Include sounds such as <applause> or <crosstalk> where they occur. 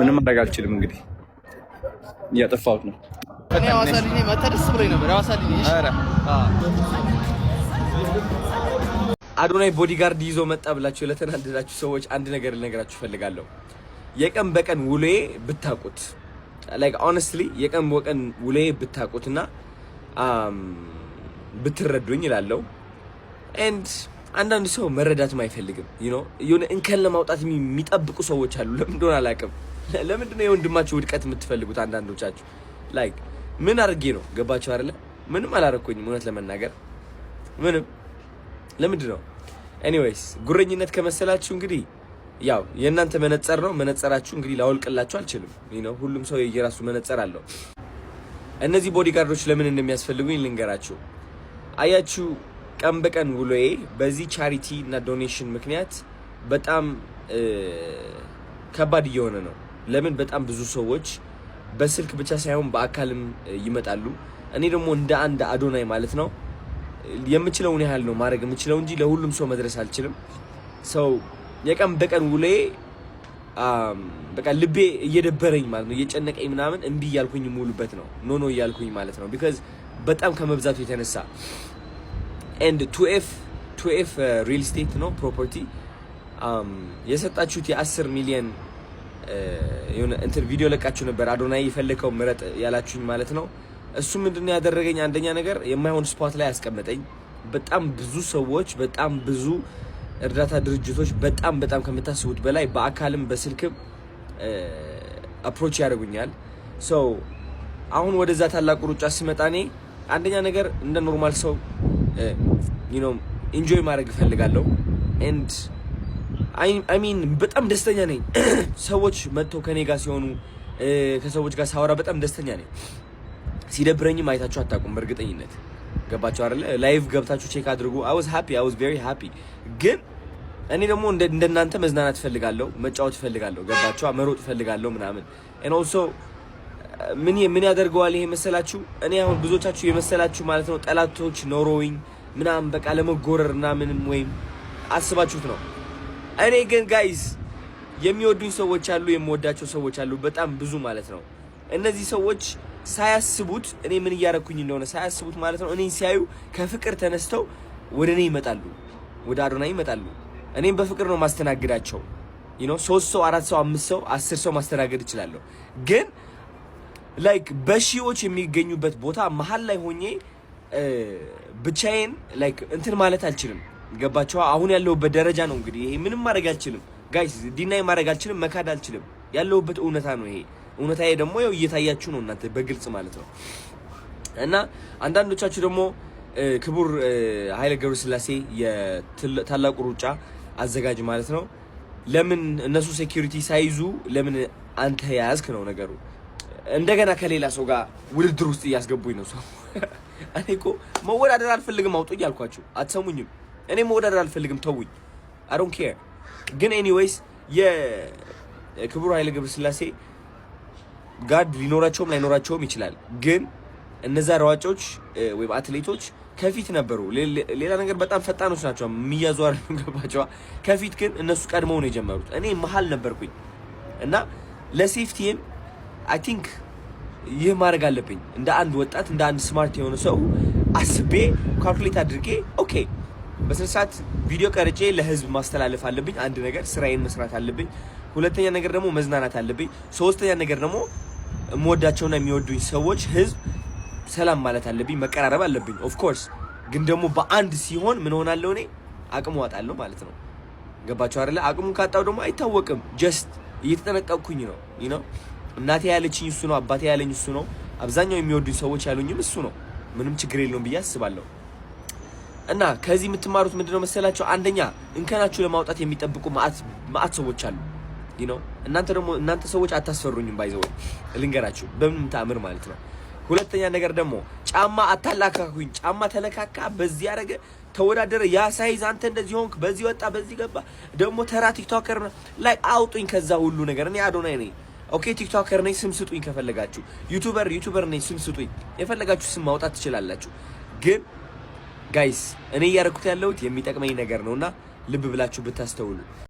ምንም ማድረግ አልችልም። እንግዲህ እያጠፋሁት ነው። አዶናይ ቦዲጋርድ ይዞ መጣ ብላችሁ ለተናደዳችሁ ሰዎች አንድ ነገር ልነግራችሁ እፈልጋለሁ። የቀን በቀን ውሎዬ ብታቁት ላይክ ኦነስትሊ የቀን በቀን ውሎዬ ብታውቁትና ብትረዱኝ ይላለው ኤንድ አንዳንድ ሰው መረዳትም አይፈልግም። የሆነ እንከን ለማውጣት የሚጠብቁ ሰዎች አሉ። ለምን እንደሆነ አላውቅም። ለምንድነው ነው የወንድማችሁ ውድቀት የምትፈልጉት? አንዳንዶቻችሁ ላይክ ምን አድርጌ ነው ገባችሁ አይደለ? ምንም አላረኩኝም፣ እውነት ለመናገር ምንም። ለምንድን ነው ኤኒዌይስ፣ ጉረኝነት ከመሰላችሁ እንግዲህ ያው የእናንተ መነጸር ነው። መነጸራችሁ እንግዲህ ላወልቅላችሁ አልችልም ነው። ሁሉም ሰው የየራሱ መነጸር አለው። እነዚህ ቦዲጋርዶች ለምን እንደሚያስፈልጉኝ ልንገራችሁ። አያችሁ ቀን በቀን ውሎዬ በዚህ ቻሪቲ እና ዶኔሽን ምክንያት በጣም ከባድ እየሆነ ነው። ለምን በጣም ብዙ ሰዎች በስልክ ብቻ ሳይሆን በአካልም ይመጣሉ። እኔ ደግሞ እንደ አንድ አዶናይ ማለት ነው የምችለውን ያህል ነው ማድረግ የምችለው እንጂ ለሁሉም ሰው መድረስ አልችልም። ሰው የቀን በቀን ውሌ በቃ ልቤ እየደበረኝ ማለት ነው እየጨነቀኝ ምናምን እምቢ እያልኩኝ ሙሉበት ነው ኖኖ እያልኩኝ ማለት ነው ቢካዝ በጣም ከመብዛቱ የተነሳ ኤንድ ቱኤፍ ቱኤፍ ሪል ስቴት ነው ፕሮፐርቲ የሰጣችሁት የአስር ሚሊየን የሆነ እንትን ቪዲዮ ለቃችሁ ነበር አዶናይ የፈለከው ምረጥ ያላችሁኝ ማለት ነው። እሱ ምንድነው ያደረገኝ? አንደኛ ነገር የማይሆን ስፖት ላይ ያስቀመጠኝ። በጣም ብዙ ሰዎች፣ በጣም ብዙ እርዳታ ድርጅቶች በጣም በጣም ከምታስቡት በላይ በአካልም በስልክም አፕሮች ያደርጉኛል። ሶ አሁን ወደዛ ታላቁ ሩጫ ስመጣ እኔ አንደኛ ነገር እንደ ኖርማል ሰው ኢንጆይ ማድረግ እፈልጋለሁ ኤንድ አይሚን በጣም ደስተኛ ነኝ። <clears throat> ሰዎች መጥተው ከኔ ጋር ሲሆኑ ከሰዎች ጋር ሳወራ በጣም ደስተኛ ነኝ። ሲደብረኝም አይታችሁ አታውቁም በእርግጠኝነት ገባችሁ አይደለ? ላይቭ ገብታችሁ ቼክ አድርጉ። አይ ዋዝ ሃፒ አይ ዋዝ ቬሪ ሃፒ። ግን እኔ ደግሞ እንደናንተ መዝናናት ፈልጋለሁ፣ መጫወት ፈልጋለሁ፣ ገባችሁ መሮጥ ፈልጋለሁ ምናምን ኤንድ ኦልሶ ምን ምን ያደርገዋል ይሄ መሰላችሁ? እኔ አሁን ብዙዎቻችሁ የመሰላችሁ ማለት ነው ጠላቶች ኖሮኝ ምናምን በቃ ለመጎረር ምናምንም ወይም አስባችሁት ነው እኔ ግን ጋይስ የሚወዱኝ ሰዎች አሉ፣ የምወዳቸው ሰዎች አሉ፣ በጣም ብዙ ማለት ነው። እነዚህ ሰዎች ሳያስቡት እኔ ምን እያረኩኝ እንደሆነ ሳያስቡት ማለት ነው፣ እኔን ሲያዩ ከፍቅር ተነስተው ወደ እኔ ይመጣሉ፣ ወደ አዶናይ ይመጣሉ። እኔም በፍቅር ነው ማስተናግዳቸው። ዩኖ ሶስት ሰው፣ አራት ሰው፣ አምስት ሰው፣ አስር ሰው ማስተናገድ እችላለሁ። ግን ላይክ በሺዎች የሚገኙበት ቦታ መሀል ላይ ሆኜ uh, ብቻዬን ላይክ እንትን ማለት አልችልም። ገባቸው። አሁን ያለሁበት ደረጃ ነው እንግዲህ ይሄ። ምንም ማድረግ አልችልም ጋይስ፣ ዲናይ ማድረግ አልችልም፣ መካድ አልችልም። ያለሁበት እውነታ ነው ይሄ። ይሄ ደግሞ ያው እየታያችሁ ነው እናንተ በግልጽ ማለት ነው። እና አንዳንዶቻችሁ ደግሞ ክቡር ኃይለ ገብረስላሴ የታላቁ ሩጫ አዘጋጅ ማለት ነው፣ ለምን እነሱ ሴኩሪቲ ሳይዙ ለምን አንተ ያዝክ ነው ነገሩ። እንደገና ከሌላ ሰው ጋር ውድድር ውስጥ እያስገቡኝ ነው ሰው። <laughs> እኔ እኮ መወዳደር አልፈልግም አውጡ እያልኳችሁ አትሰሙኝም። እኔ መወዳደር አልፈልግም፣ ተውኝ። አይ ዶንት ኬር። ግን ኤኒዌይስ የክቡር ኃይለ ስላሴ ጋርድ ሊኖራቸውም ላይኖራቸውም ይችላል። ግን እነዛ ሯጮች ወይም አትሌቶች ከፊት ነበሩ። ሌላ ነገር በጣም ፈጣኖች ናቸው፣ የሚያዟር ገባቸዋ። ከፊት ግን እነሱ ቀድመው ነው የጀመሩት። እኔ መሀል ነበርኩኝ እና ለሴፍቲም አይ ቲንክ ይህ ማድረግ አለብኝ እንደ አንድ ወጣት እንደ አንድ ስማርት የሆነ ሰው አስቤ ካልኩሌት አድርጌ ኦኬ በስነ ስርዓት ቪዲዮ ቀርጬ ለህዝብ ማስተላለፍ አለብኝ። አንድ ነገር ስራዬን መስራት አለብኝ። ሁለተኛ ነገር ደግሞ መዝናናት አለብኝ። ሶስተኛ ነገር ደግሞ የምወዳቸውና የሚወዱኝ ሰዎች ህዝብ ሰላም ማለት አለብኝ፣ መቀራረብ አለብኝ። ኦፍኮርስ ግን ደግሞ በአንድ ሲሆን ምን ሆናለሁ እኔ አቅሙ ዋጣለሁ ማለት ነው። ገባቸው አይደለ? አቅሙን ካጣው ደግሞ አይታወቅም። ጀስት እየተጠነቀቅኩኝ ነው ነው እናቴ ያለችኝ እሱ ነው። አባቴ ያለኝ እሱ ነው። አብዛኛው የሚወዱኝ ሰዎች ያሉኝም እሱ ነው። ምንም ችግር የለውም ብዬ አስባለሁ። እና ከዚህ የምትማሩት ምንድነው መሰላቸው? አንደኛ እንከናችሁ ለማውጣት የሚጠብቁ ማአት ሰዎች አሉ። ነው እናንተ ደግሞ እናንተ ሰዎች አታስፈሩኝም። ባይዘው ልንገራችሁ በምንም ተአምር ማለት ነው። ሁለተኛ ነገር ደግሞ ጫማ አታላካኩኝ። ጫማ ተለካካ፣ በዚህ ያደረገ ተወዳደረ፣ ያ ሳይዝ አንተ እንደዚህ ሆንክ፣ በዚህ ወጣ፣ በዚህ ገባ። ደግሞ ተራ ቲክቶከር ላይ አውጡኝ ከዛ ሁሉ ነገር። እኔ አዶናይ ነኝ። ኦኬ ቲክቶከር ነኝ፣ ስም ስጡኝ። ከፈለጋችሁ ዩቱበር ዩቱበር ነኝ፣ ስም ስጡኝ። የፈለጋችሁ ስም ማውጣት ትችላላችሁ ግን ጋይስ እኔ እያደረኩት ያለሁት የሚጠቅመኝ ነገር ነውና ልብ ብላችሁ ብታስተውሉ